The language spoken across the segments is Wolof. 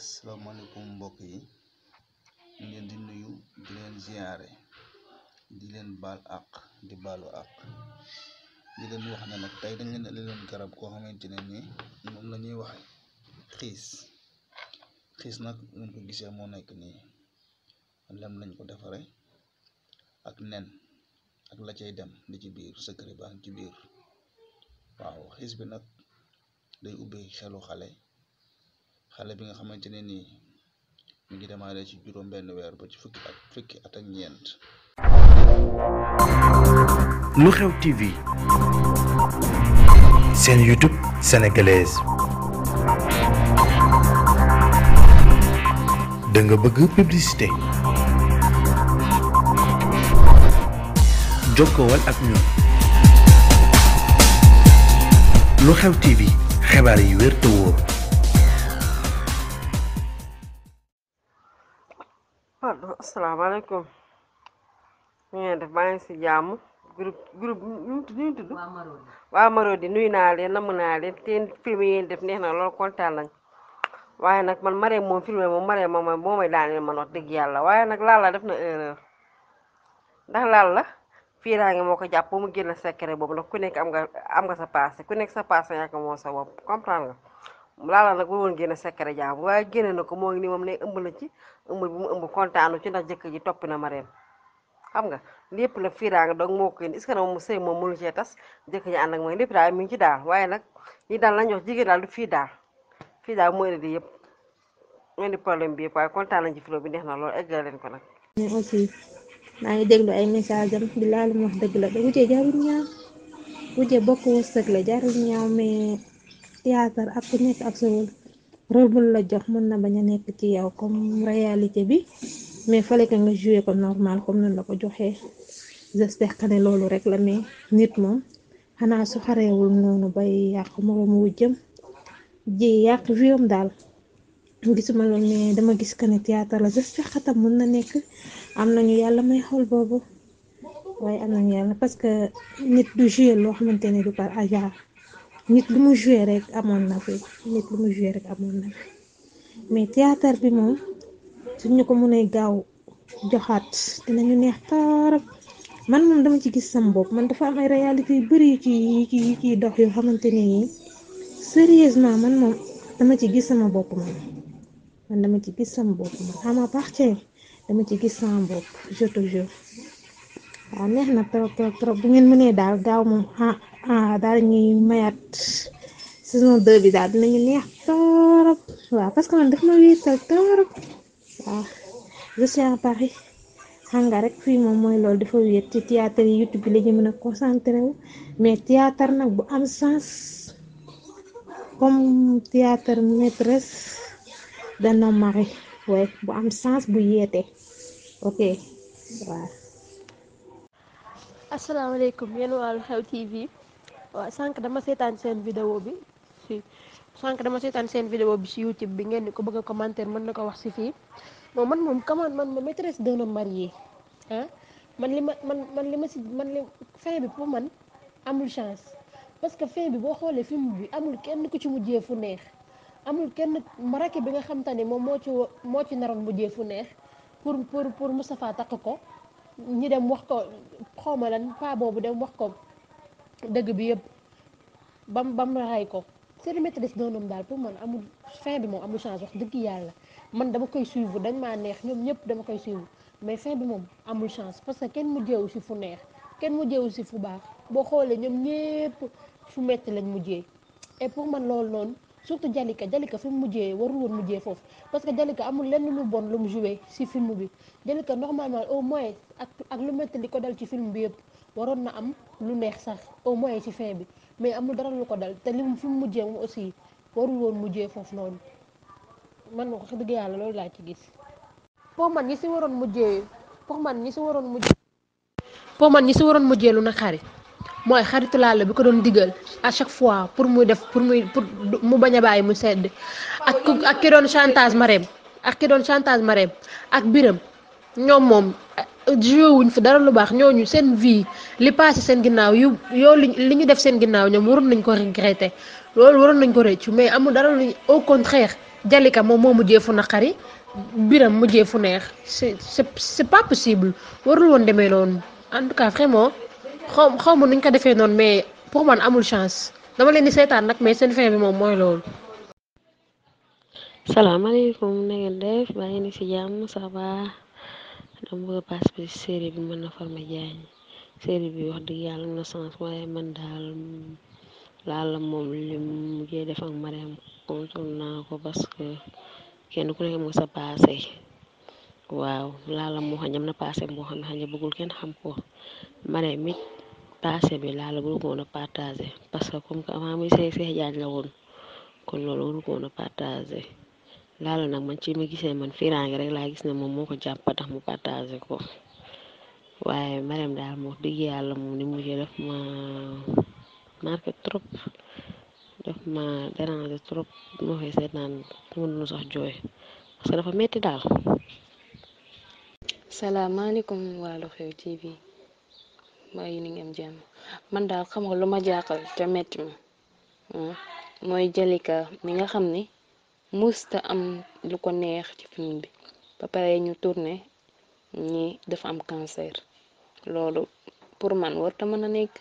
asalaamaaleykum mbokk yi ñu leen di nuyu di leen ziyaare di leen baal àq di baalu àq di leen wax ne nag tey dañ leen indi leen garab koo xamante ne nii moom la ñuy wax xiis xiis nag luñ ko gisee moo nekk nii lem lañ ko defaree ak nen ak la cay dem di ci biir secret baa ci biir waaw xiis bi nag day ubbi xelu xale xale bi nga xamante ne nii mi ngi démarré ci juróom benn weer ba ci fukki at ak ñeent. lu xew TV seen YouTube sénégalaise da nga bëgg publicité jokkowal ak ñun lu xew TV xibaar yi wér te asalaamaaleykum ñu ngeen def baa ngi si jàmm groupe groupe ñu ñu tudd waa Marodi nuyu naa leen namu naa leen teen film yi def neex na lool kontaan nañ waaye nag man Marème moom filmé moom Marème moom moo may daaneel man wax dëgg yàlla waaye nag Lalla def na erreur ndax Lalla fii daa ngi moo ko jàpp mu mu génn secret boobu ndax ku nekk am nga am nga sa passé ku nekk sa passé yaa ko moom sa bopp comprendre nga laala nag bu woon génne secret jaamu waaye génne na ko ngi nii moom ne ëmb na ci ëmb bi mu ëmb kontaanu ci ndax jëkkër ji topp na ma reen xam nga lépp nag fii daa moo ko indi est-ce que nag moom sëy moom mënu cee tas jëkkër ji ànd ak mooy lépp daal mi ngi ci daal waaye nag ñi daal lañ wax jigéen daal du fii daal fii daal moo indi yëpp moo indi problème bi yëpp waaye kontaan nañ ci filoo bi neex na lool eggal leen ko nag. maa ngi déglu ay message am bi laalu wax dëgg la da wujjee jaarul ñaaw wujjee la jaarul ñaaw mais théâtre ak ku nekk ak sa rôle la jox mën na bañ a nekk ci yow comme réalité bi mais fallait que nga ko normal comme noonu la ko joxee j'espère que ne loolu rek la mais nit moom xanaa su xareewul noonu bay yàq moroom wu jëm ji yàq viom daal gisuma loolu mais dama gis que ne théâtre la j'espère que tam mën na nekk am nañu yàlla may xool boobu waaye am nañu yàlla parce que nit du jouer loo xamante ne du par hasard nit lu mu joué rek amoon na fi nit lu mu joué rek amoon na fi mais théâtre bi moom suñ nu ko mënee gaaw joxaat dinañu neex tarab man moom dama ci gis sam bopp man dafa am ay réalité bëri yu ci yu dox yoo xamante ne nii sérieusement man moom dama ci gis sama bopp man man dama ci gis sama bopp man xama dama ci gis sama bopp je te jure ah, neex na trop trop bu ngeen mënee daal gaaw moom ah. ah daal ñuy mayaat saison 2 bi daal dinañu neex torop waaw parce que man daf ma wéetal torop waaw je suis à rek fii moom mooy loolu dafa wéet ci théâtre YouTube bi la ñu mën concentré wu mais théâtre nag bu am sens comme théâtre maîtresse d'un homme marié waaye bu am sens bu yeete ok waaw. asalaamaaleykum yéen waa Lu Xew TV. waaw sànq dama seetaan seen vidéo bi si sànq dama seetaan seen vidéo bi si YouTube bi ngeen ni ko bëgg a commentaire mën na ko wax si fii moom man moom comment man ma maîtresse d'un homme marié ah man li ma man man li ma si man li fin bi pour man amul chance parce que fin bi boo xoolee film bi amul kenn ku ci mujjee fu neex amul kenn marake bi nga xam te moom moo ci moo ci naroon mujjee fu neex pour pour pour Moustapha takk ko ñi dem wax ko xawma lan pa boobu dem wax ko dëgg bi yëpp bam bam ray ko série maîtresse d'un homme daal pour man amul fin bi moom amul chance dëgg yàlla man dama koy suivre dañ maa neex ñoom ñëpp dama koy suivre mais fin bi moom amul chance parce que kenn mujjeewu si fu neex kenn mujjeewu si fu baax boo xoolee ñoom ñëpp fu metti lañ mujjee et pour man loolu noonu surtout Jalika Jalika fi mu mujjee warul woon mujjee foofu parce que Jalika amul lenn lu bon lu mu joué si film bi Jalika normalement au moins ak ak lu metti li ko dal ci film bi yëpp waroon na am lu neex sax au moins ci fin bi mais amul dara lu ko dal te li mu fi mu mujjee moom aussi warul woon mujjee foofu noonu man wax dëgg yàlla loolu laa ci gis. pour man ñi si waroon mujjee pour man ñi si waroon mujjee. pour man ñi si waroon mujjee lu na xari mooy xaritu Lalla bi ko doon diggal à chaque fois pour muy def pour muy pour mu bañ a bàyyi mu sedd ak ak ki doon chantage Marème ak ki doon chantage Marème ak Biram ñoom moom. jiwee wuñ fi dara lu baax ñooñu seen vie li passé seen ginnaaw yu yoo li ñu def seen ginnaaw ñoom waroon nañ ko regretter loolu waroon nañ ko rëccu mais amul dara lu au contraire Jalika moom moo mujjee fu naqari biram mujjee fu neex c'est c'est pas possible woon demee noonu en tout cas vraiment xaw xaw nuñ ko defee noonu mais pour man amul chance dama leen di seetaan nag mais seen fin bi moom mooy loolu. salaamaaleykum na def baa ngeen si jàmm ça va. dama bëgg a participer ci mën na farma jaañ série bi wax dëgg yàlla na sens waaye man daal laala moom li mu jee def ak ko parce que kenn ku nekk am nga sa passé waaw laala moo xam ne am na passé boo xam ne xëy bëggul kenn xam ko Mariam it passé bi laala bu ko woon a partagé parce que kom que avant muy see see jaaj la loolu waru ko loolu nag man ci ma gisee man firange rek laa gis na moom moo ko jàpp tax mu partagé ko waaye Marème daal moo digg yàlla moom ni mujjee def ma marqué trop def ma dérangé trop moo koy seetaan mën nu sax jooy parce que dafa metti daal salaamaaleykum waa Lu Xew TV mbaa yi man daal xam nga lu ma jaaxal te metti ma hmm, mooy Jalika mi nga xam ni musta am lu ko neex ci film bi ba pare ñu tourné ñi dafa am cancer loolu pour man warta mën a nekk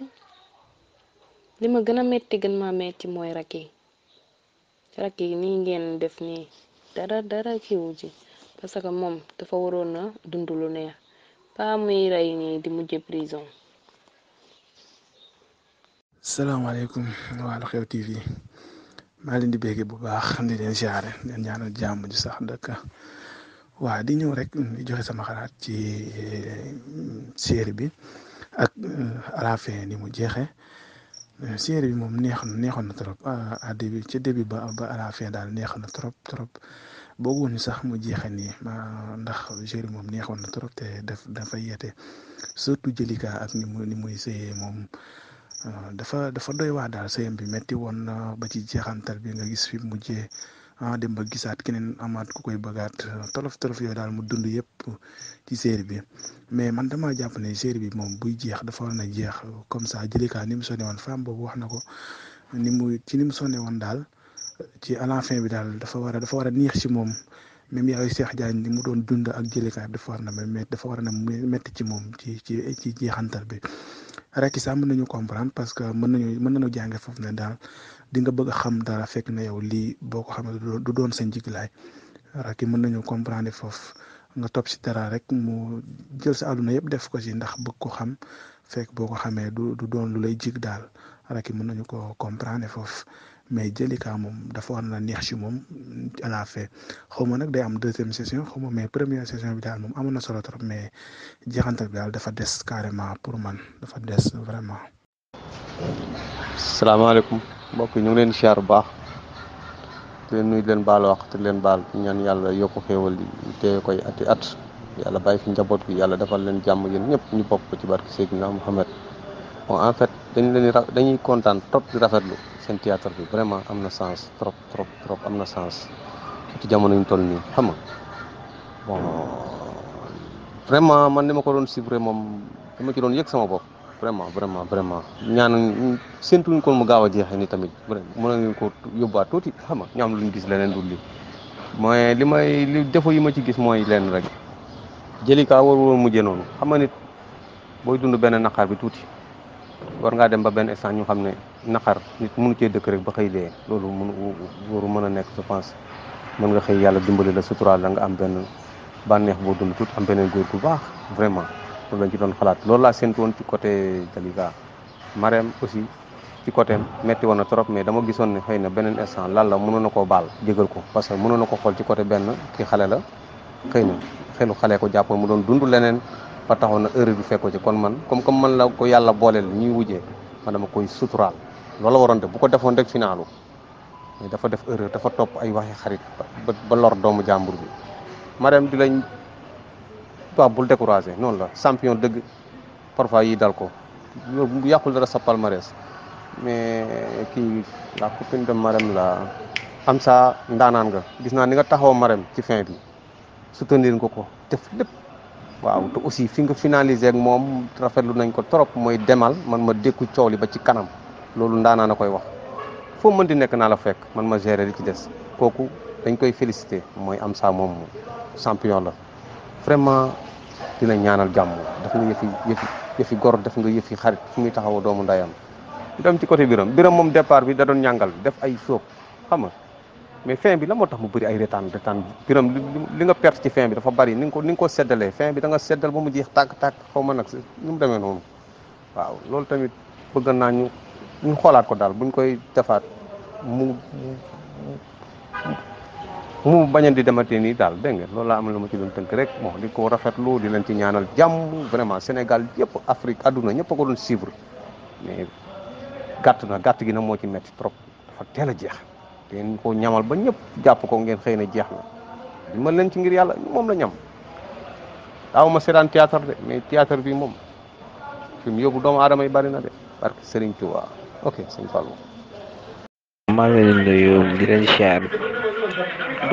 li ma gën a metti gën ma metti mooy rak yi rak nii ngeen def nii dara dara kiwu ji parce que moom dafa waroon na dund lu neex pa muy rey nii di mujje prison salaamaaleykum waa Lu Xew TV maa leen di béggee bu baax di leen siyaare leen ñaanal jàmm ju sax dëkk waa di ñëw rek joxe sama xalaat ci eh, série bi ak eh, à ni mu jeexee eh, série bi moom neex na neexoon na trop à début ci début ba ba daal neex na trop trop boogoon sax mu jeexee nii ma ndax série moom neexoon na trop te dafa yete surtout jëlika ak ni mu ni muy sëyee moom. Ah, dafa dafa doy wax daal sëyam bi metti woon na ba ci jeexantal bi nga gis fi mujjee ah dem ba gisaat keneen amaat ku koy bëggaat tolof tolof yooyu daal mu dund yëpp ci série bi mais man dama jàpp ne série bi moom buy jeex dafa war na jeex comme ça jëlikaa ni mu sonne woon femme boobu wax na ko ni mu ci ni mu sonne woon daal ci à la fin bi dafa war a dafa war a neex ci moom même yaayu Cheikh Diagne ni mu doon dund ak jëlikaay bi dafa war na dafa war na metti ci moom ci ci ci jeexantal bi rek sax mën nañu comprendre parce que mën nañu mën nañu jànge foofu ne daal di nga bëgg xam dara fekk na yow lii boo ko xamee du doon sa njiglaay rek mën nañu comprendre foof nga topp si dara rek mu jël sa àdduna yëpp def ko si ndax bëgg ko xam fekk boo ko xamee du du doon lu lay jig daal rek mën nañu ko comprendre foofu mais Jalika moom dafa war na neex ci moom à xaw ma nag day am deuxième session xaw ma mais première session bi daal moom amoon na solo trop mais jeexantal daal dafa des carrément pour man dafa des vraiment. salaamaaleykum mbokk ñu ngi leen siyaar bu baax di leen nuyu leen baal wax te leen baal ñaan yàlla yokk xéewal yi téye koy ati at yàlla bàyyi fi njaboot gi yàlla defal leen jàmm yéen ñëpp ñu bokk ci barke Seydina Muhammad en fait dañ leen dañuy kontaan trop di lu seen théâtre bi vraiment am na sens trop trop trop am na sens ci jamono ñu toll nii xam nga bon vraiment man ni ma ko doon suivre moom dama ci doon yëg sama bopp vraiment vraiment vraiment ñaan séntuñ ko mu gaaw a jeexee ni tamit mën ko yóbbuwaat xam nga ñu lu ñu gis leneen dul lii mooy li may li défaut yi ma ci gis mooy leen rek jëli kaa warul woon mujjee noonu xam nga nit booy dund benn naqaar bi tuuti. war ngaa dem ba benn instant ñu xam ne naqar nit mënu cee dëkk rek ba xëy dee loolu mënu waru mën a nekk je pense mën nga xëy yàlla dimbali la suturaal la nga am benn bànneex boo dund tuut am beneen góor gu baax vraiment loolu lañ ci doon xalaat loolu laa séntu woon ci côté Jalika Marème aussi ci côté metti woon trop mais dama gisoon ne xëy na beneen instant lan la mënoon na koo baal jégal ko parce que mënoon na ko xool ci côté benn kii xale la xëy na xelu dund leneen ba taxoon na heure bi fekko ci kon man comme comme man la ko yàlla booleel ñuy wujjee man ma koy suturaal loolu waroon de bu ko defoon rek finaalu dafa def erreur dafa topp ay waxi xarit ba lor doomu jàmbur bi madame di lañ waaw bul découragé noonu la champion dëgg parfois yi dal ko loolu bu yàqul dara sa palmarès mais kii la copine de madame la am saa ndaanaan nga gis naa ni nga taxaw marem ci fin bi soutenir nga ko def lépp waaw te aussi fi nga finalisé ak moom rafetlu nañ ko trop mooy demal man ma dékku coow li ba ci kanam loolu ndaanaa a koy wax foo mën di nekk naa la fekk man ma gere li ci des kooku dañ koy félicité mooy am saa moom champion la vraiment dina ñaanal jàmm daf nga yëfi yëfi yëfi gor def nga yëfi xarit fu muy taxaw doomu ndayam dem ci côté biram biram moom départ bi da doon ñàngal def ay soog xam mais fin bi la moo tax mu bëri ay retaan retaan biram li nga perte ci fin bi dafa bëri ni nga ko ni ko seddalee fin bi da nga seddal ba mu jeex tàkk-tàkk xaw ma mu demee noonu waaw loolu tamit bëgg naa ñu ñu xoolaat ko daal buñ koy defaat mu mu bañan di dematee nii daal dégg nga loolu laa am lu ma ci doon tënk rek bon ni ko rafetlu di leen ci ñaanal jàmm vraiment Sénégal yëpp Afrique àdduna ñëpp a ko doon suivre mais gàtt na gàtt gi nag moo ci metti trop dafa teel a jeex ngeen ko ñamal ba ñëpp jàpp ko ngeen xëy na jeex na dimbal leen ci ngir yàlla moom la ñam daaw ma seetaan théâtre de mais théâtre bi moom fi mu doom doomu aadama yi bari na de parce que Serigne Touba ok sëñ Fallou. maa ngi leen di nuyu di leen siyaar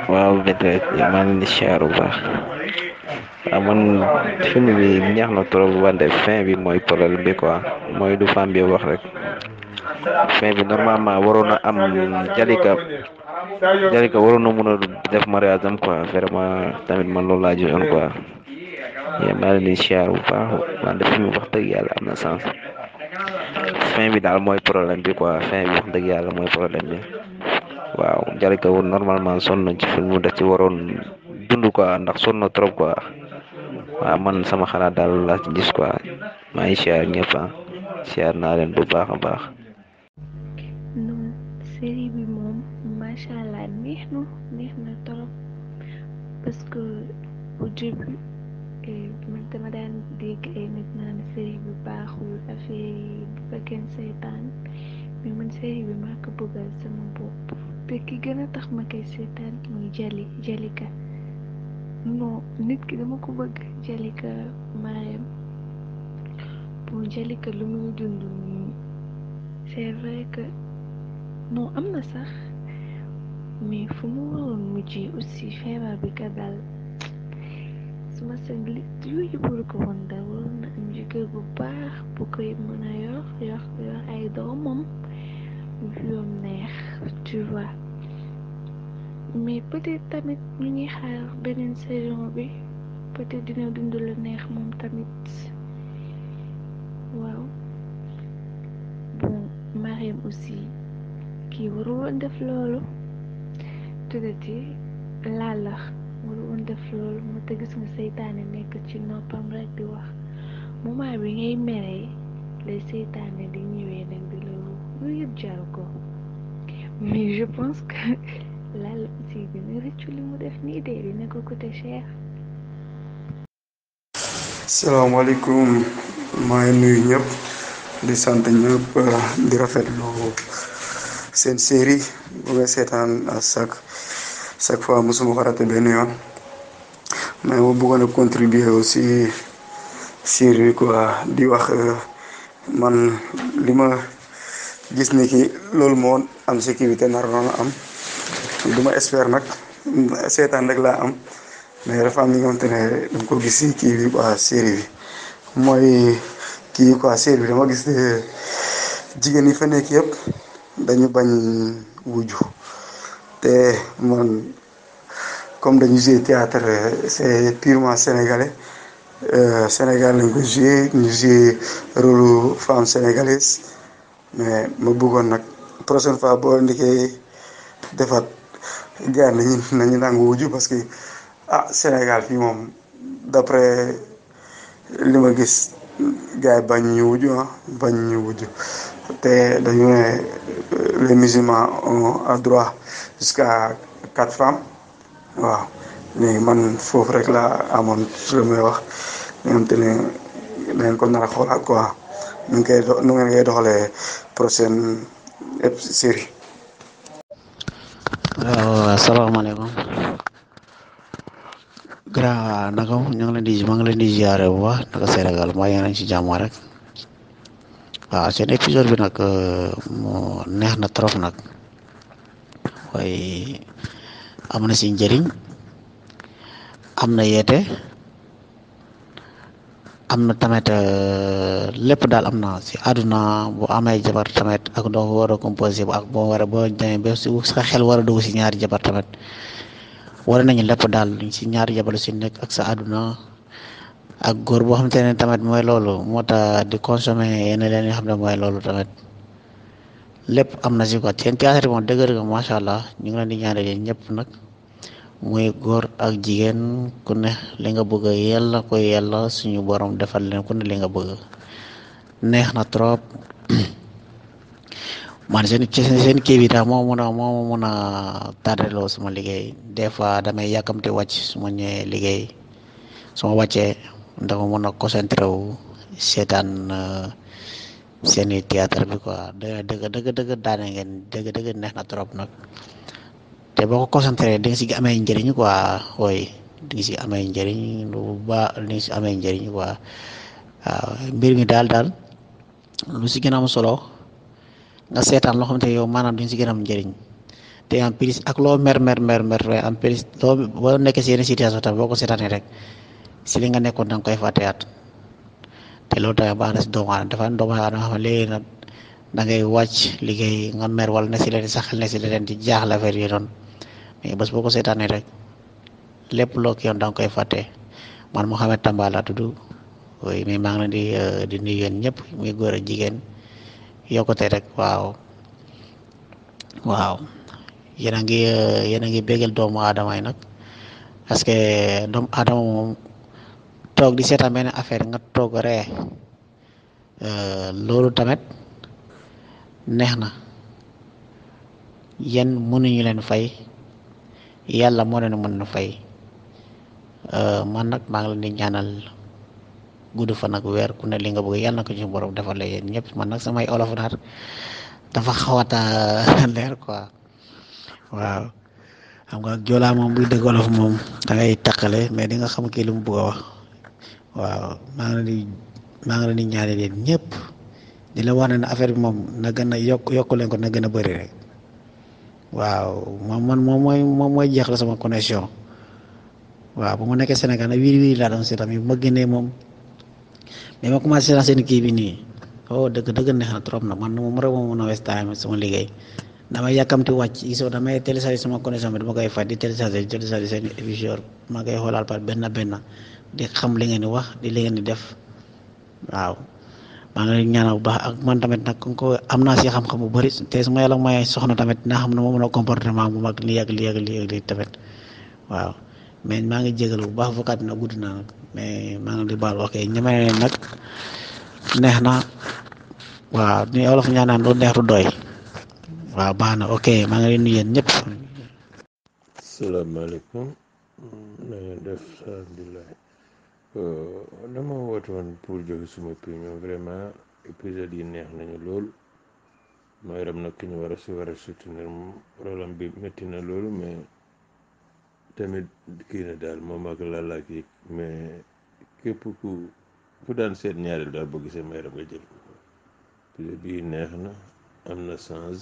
waaw ah, man film bi neex na trop wante fin bi mooy problème bi quoi mooy du femme bi wax rek fin bi normalement waroon na am Jalika Jalika waroon na mën a def mariage am quoi vraiment tamit man loolu laa joxoon quoi maa ngi leen siyaar bu baax maa def mu wax dëgg yàlla am na sens fin bi daal mooy problème bi quoi fin bi wax dëgg yàlla mooy problème bi waaw Jalika woon normalement son nañ ci film mu da ci waroon dund quoi ndax sonn na trop quoi waaw man sama xalaat daal laa ci gis maa ngi siyaar ñëpp ah, siyaar naa leen bu baax a baax. machallah neex na torop parce que au début daan dégg ay nit naan série bi baaxul affaire yi bu fekkee seetaan mais man série bi maa ko bëggal sama bopp te ki gën a tax ma koy seetaan muy jali jalika non nit ki dama ko bëgg jalika maayam bon jalika lu muy dund nii c'est vrai que non am na sax mais fu mu waroon mujjee aussi feebar bi ka dal suma seen li yooyu buru ko woon dal waroon na am jëkkër bu baax bu koy mën a yor yor ay doomam yoon neex tu mais peut-être tamit ñu ñuy xaar beneen saison bi peut dina dund la neex moom tamit waaw bon Marème aussi kii waru woon def loolu tuddati làllax wala woon def loolu moo tax gis nga seytaane nekk ci noppam rek di wax moment bi ngay mere lay seytaane di ñëwee nag di loolu lu yëpp jaru ko mais je pense que lalla aussi dina rëccu li mu def nii dee dina ko côté cher. salaamaaleykum maa ngi nuyu ñëpp di sant ñëpp di rafetlu. seen séeri bu nga seetaan à chaque chaque fois mosuma ko raté benn yoon mais ma bëggoon a contribuer aussi série quoi di wax euh, man li ma gis ni ki loolu moo am sécurité nar am du ma expert nag seetaan rek laa am mais dafa am li nga ne dama ko gis si kii bi quoi série bi mooy kii quoi série bi dama gis euh, jigéen yi fa nekk yëpp dañu bañ wujju te man comme dañu joué théâtre c'est purement sénégalais euh, Sénégal lañ ko joué ñu joué rôle femme sénégalaise mais ma buggoon nag prochaine fois boo ndikee defaat gars nañu nañu nangu wujju parce que ah Sénégal fii moom d'après li ma gis gars bañ ñu wujju ah bañ ñu wujju te dañu ne euh, les musulmans ont a droit jusqu'à quatre femmes waaw léegi man foofu rek la amoon su la may wax nga xam te ne dañ ko nar a xoolaat quoi nu koy nu ngeen koy doxalee prochaine série. waaw asalaamaaleykum. a naka ñu ngi leen di maa ngi leen di ziare bu baax naka Sénégal mbaa yaa ngi ci jàmm rek. waaw seen épisode bi nag euh, mu neex na trop nag waaye am na si njëriñ am na yeete am na tamit euh, lépp daal am na si àdduna bu amee jabar tamit ak doo war a composé ak boo war a boo demee ba si xel war a si ñaari jabar tamit war nañu lépp daal si ñaari jabar si nekk ak sa àdduna ak góor boo xamante ne tamit mooy loolu moo tax di consommer yenn leen xam ne mooy loolu tamit lépp am na si quoi seen théâtre yi moom dëgër nga macha allah ñu ngi leen di ñaanal yéen ñëpp nag muy góor ak jigéen ku ne li nga bëgg yàlla koy yàlla suñu borom defal leen ku ne nga bëgg neex na trop man seen seen kii bi daal moo mun a moo mun a tardeloo sama liggéey des fois damay yàkkamte wàcc su ma ñëwee liggéey su ma dama mën a concentré wu seetaan euh, seeni théâtre bi quoi dëgg dëgg dëgg daane ngeen dëgg dëgg neex na trop nag te boo ko concentré di nga si amee njëriñ quoi ooy di nga si amee njëriñ lu baax di nga si amee njëriñ quoi mbir mi daal daal lu si gën solo nga seetaan loo xamante yow maanaam di nga si gën a am njëriñ te en plus ak loo mer mer meer mer en plus loo boo nekkee si yenn tam boo ko seetaanee rek. si li nga nekkoon da nga koy fàtteyaat te loolu tamit baax na si doomu aadama dafa nag da ngay wàcc liggéey nga mer wala ne si leen sax ne si leen di jaaxle affaire yi noonu mais bés boo ko seetaanee rek lépp loo kii yoon da koy fate man mu Tamba laa tudd oui mais maa di euh, di nuyu yéen ñëpp muy góor ak rek waaw waaw ngi yéen a euh, doomu aadama yi nag parce que doomu moom. toog di seetaan benn affaire nga toog ree eh, loolu tamit neex na yan mënuñu leen fay yàlla moo leen mën na fay eh, man nag maa ngi leen di ñaanal gudd fan ak weer ku ne li nga bëgg yàlla na ko ci borom defal la yéen ñëpp man nag samay olof naar dafa xawata leer quoi waaw xam nga joolaa moom buy dégg olof moom da ngay taqale mais di nga xam kii lu wax. waaw maa ngi leen di maa ngi leen di ñaanal yéen ñëpp di la wax ne affaire bi moom na gën a yokk yokk leen na gën a bëri rek waaw moom man moom mooy moom mooy jeexal sama connexion waaw bu ma nekkee Sénégal nag wiiri wiiri laa doon si tamit bu ma génnee moom mais ma commencé naa seen kii bi nii oh dëgg dëgg neex na trop nag man moom rek moom mën a westaay sama liggéey damay yàkkamti wàcc gisoo damay télécharger sama connexion bi dama koy fay di télécharger di télécharger seen émission ma koy xoolaal par benn benn. di xam li ngeen di wax di li di def waaw maa ngi leen ñaanal bu baax ak man tamit nag ko am naa si xam-xam bu bëri te su ma may soxna tamit naa xam ne moom la comportement bu mag lii ak lii ak lii ak lii tamit waaw maa ngi jégalu bu baax fukkaat na gudd naa nag mais maa ngi di baal neex na waaw ni doy waaw baax na ok maa ngi leen nuyu yéen ñëpp. alhamdulilah. Euh, dama woote pour jóge suma opinion vraiment épisode yi neex nañu lool mooy ram nag ki ñu war a si war a soutenir problème bi métti na loolu mais tamit kii na daal moom ak lala kii mais képp ku ku daan seet ñaareel daal boo gisee may ram nga jël ko épisode neex na am na sens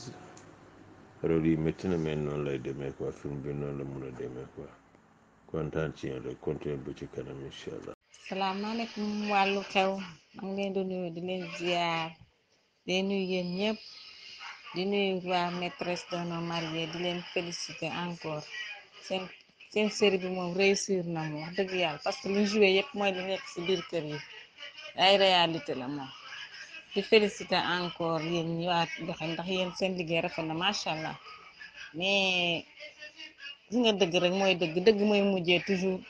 rôle yi metti na mais noonu lay demee quoi film bi noonu la mun a demee quoi kontaan ci yéen rek continuer bu ci kanam incha salaam salaamaaleykum wàllu xew maa ngi leen di nuyu di leen ziar di nuyu yéen ñëpp di nuyu waa maîtresse d'un homme di leen féliciter encore seen seen bi moom réussir na moom wax dëgg yàlla parce que li joué yëpp mooy li nekk ci biir kër yi ay réalité la moom di féliciter encore yéen ñi ndax yéen seen liggéey rafet na macha allah mais li nga dëgg rek mooy dëgg dëgg mooy mujjee toujours.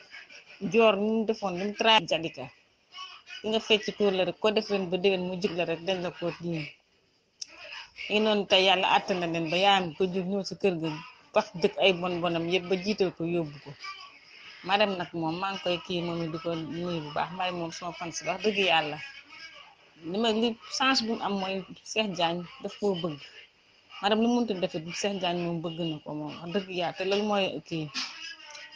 joor nu defoon lu mu tra jalika ki nga fecc tuur la rek koo def ren ba déwén mu jig la rek den la ko diin yi noonu tey yàlla àtt na leen ba yaayam ko jur ñëw si kër ga pax dëkk ay bon bonam yëpp ba jiital ko yóbbu ko marem nag moom maa ngi koy kii moom di ko nuyu bu baax marem moom sama fan si wax dëgg yàlla li ma li chance bu am mooy Cheikh Diagne daf koo bëgg marem lu mu mënti defit Cheikh Diagne moom bëgg na ko moom wax dëgg yàlla te loolu mooy kii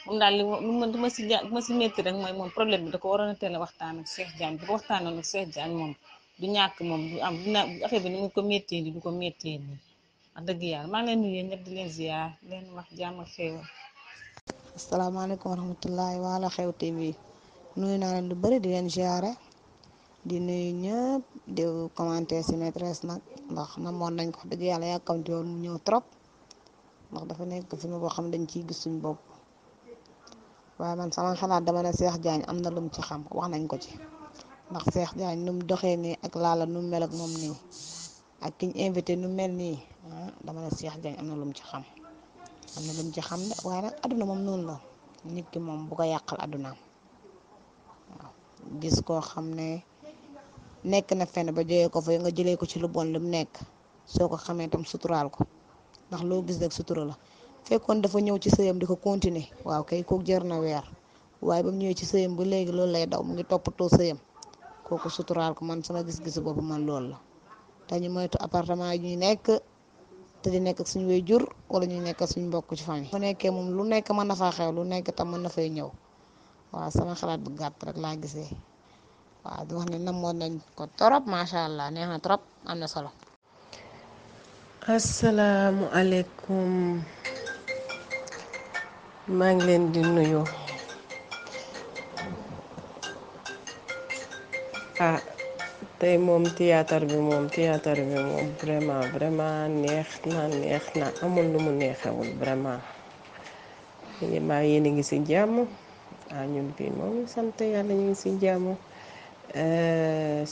moom daal li ma ma si ja métti rek mooy moom problème bi da ko waroon a teel waxtaan ak Cheikh Diagne bu ko waxtaanoon ak Cheikh Diagne moom du ñàkk moom am dina affaire bi ni mu ko méttee nii du ko méttee nii wax yàlla maa leen nuyu ñëpp di leen ziar leen wax jàmm ak xéewal. asalaamaaleykum wa xew TV nuyu naa leen lu di leen ziare di nuyu ñëpp di commenter si maîtresse nag ndax namoon nañ ko dëgg yàlla yàkkamti woon mu ñëw trop ndax dafa nekk film boo xam dañ ciy gis suñu bopp. waaye man sama xalaat dama ne Cheikh Diagne am na lum ci xam wax nañ ko ci ndax Cheikh Diagne nu doxee nii ak laala nu mu mel ak moom nii ak ki invité nu mel nii ah, dama ne Cheikh Diagne am na lum ci xam am na lum ci xam de waaye nag adduna moom noonu la nit ki moom bu ko yàqal addunaam gis koo xam ne nekk na fenn ba jëlee ko fa nga jëlee ko ci lu bon lu mu nekk soo ko xamee tam suturaal ko ndax loo gis rek sutura la. fekkoon dafa ñëw ci sëyam di ko continuer waaw kay kooku jër na weer waaye ba mu ñëwee ci sëyam bu léegi loolu lay daw mu ngi toppatoo sëyam kooku suturaal ko man sama gis gis bopp man loolu la te ñu moytu appartement yi ñuy nekk te di nekk ak suñu way jur wala ñuy nekk ak suñu mbokk ci famille bu nekkee moom lu nekk mën na faa xew lu nekk tam mën na fay ñëw waaw sama xalaat bu gàtt rek laa gisee waaw di wax ne namoon nañ ko trop macha allah neex na trop am na solo. maa ngi leen di nuyu ah tey moom théâtre bi moom théâtre bi vraiment vraiment neex na neex na amul lu mu neexewul vraiment yéen maa yéen ngi ci jàmm ah ñun bii moom sant yàlla ñu ngi ci jàmm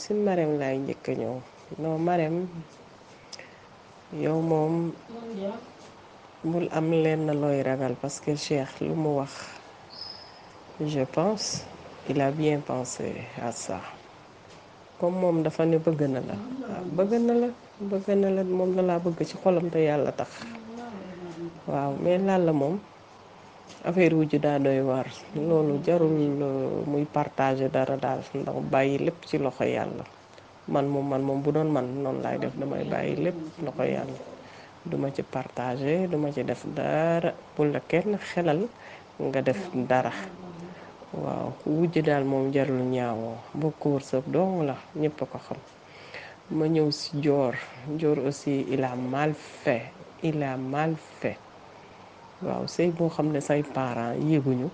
ci eh, Marème laay njëkk a ñëw non Marème yow moom. mu am leen looy ragal parce que Cheikh lu mu wax je pense il bien pensé à ça comme moom dafa ne bëgg na la ah, bëgg na la bëgg na la moom la laa bëgg ci xolam te yàlla tax waaw mais Lalla moom affaire wujju daa doy waar loolu jarul euh, muy partage dara daal ndax bàyyi lépp ci loxo yàlla man moom man moom bu doon man noonu laay def damay bàyyi lépp loxo yàlla duma ci partager duma ci def dara bu la kenn xelal nga def dara waaw wujj daal moom jarul ñaawoo bokk wërsëg doomu la ñëpp a ko xam ma ñëw si joor joor aussi il mal fait il mal fait waaw sëy boo xam ne say parents yéguñu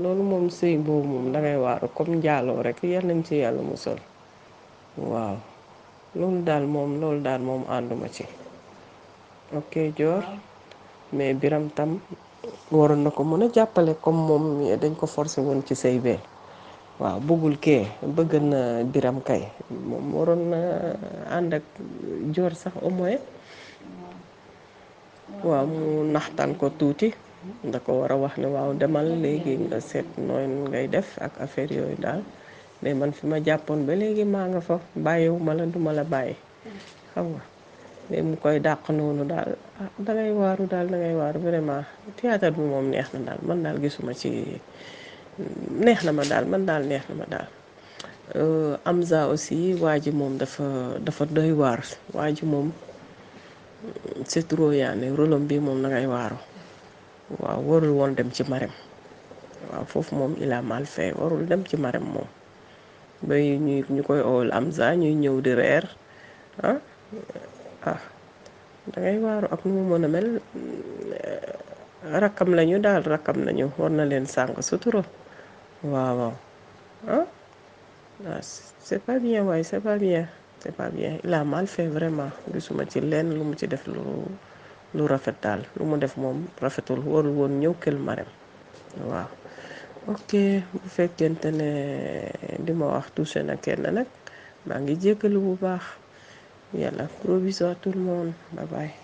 loolu moom sëy boobu moom dangay waaru comme njaaloo rek yal nañ ci yàlla musal waaw loolu daal moom loolu daal moom ànduma ci ok Dior mais Biram tam waroon na ko mën a jàppale comme moom dañ ko forcé woon ci sëy bee waaw bëggul kee bëgg na Biram kay moom waroon na ànd ak Dior sax au moins waaw mu naxtaan ko tuuti da ko war a wax ne waaw demal léegi nga seet nooy ngay def ak affaire yooyu daal mais man fi ma jàppoon ba léegi maa nga fa bàyyiwu ma la duma la bàyyi xam de mu koy dàq noonu daal ah dangay waaru daal dangay waaru vraiment théâtre bi moom neex na daal man daal gisuma ci neex na ma daal man daal neex na ma daal euh, Amza aussi waa ji moom dafa dafa doy waar waa ji moom c'est trop yaane bi moom dangay waaru waaw warul woon dem ci Marème waaw foofu moom il a mal fait warul dem ci Marème moom bay ñuy ñu koy owal Amza ñuy ñëw di reer ah, ah dangay waaru ak nu mu mën a mel rakkam lañu daal rakkam nañu war na leen sànq sutura waaw waaw ah, ah c'est pas bien waaye c'est pas bien c'est pas bien il la mal fait vraiment gisuma ci leen lu mu ci def lu lu rafet daal lu mu def moom rafetul warul woon ñëw kël marem waaw ok bu fekkente ne li ma wax touché na kenn nag maa ngi jéggalu bu baax Yalla provisoire tout le monde. Bye bye.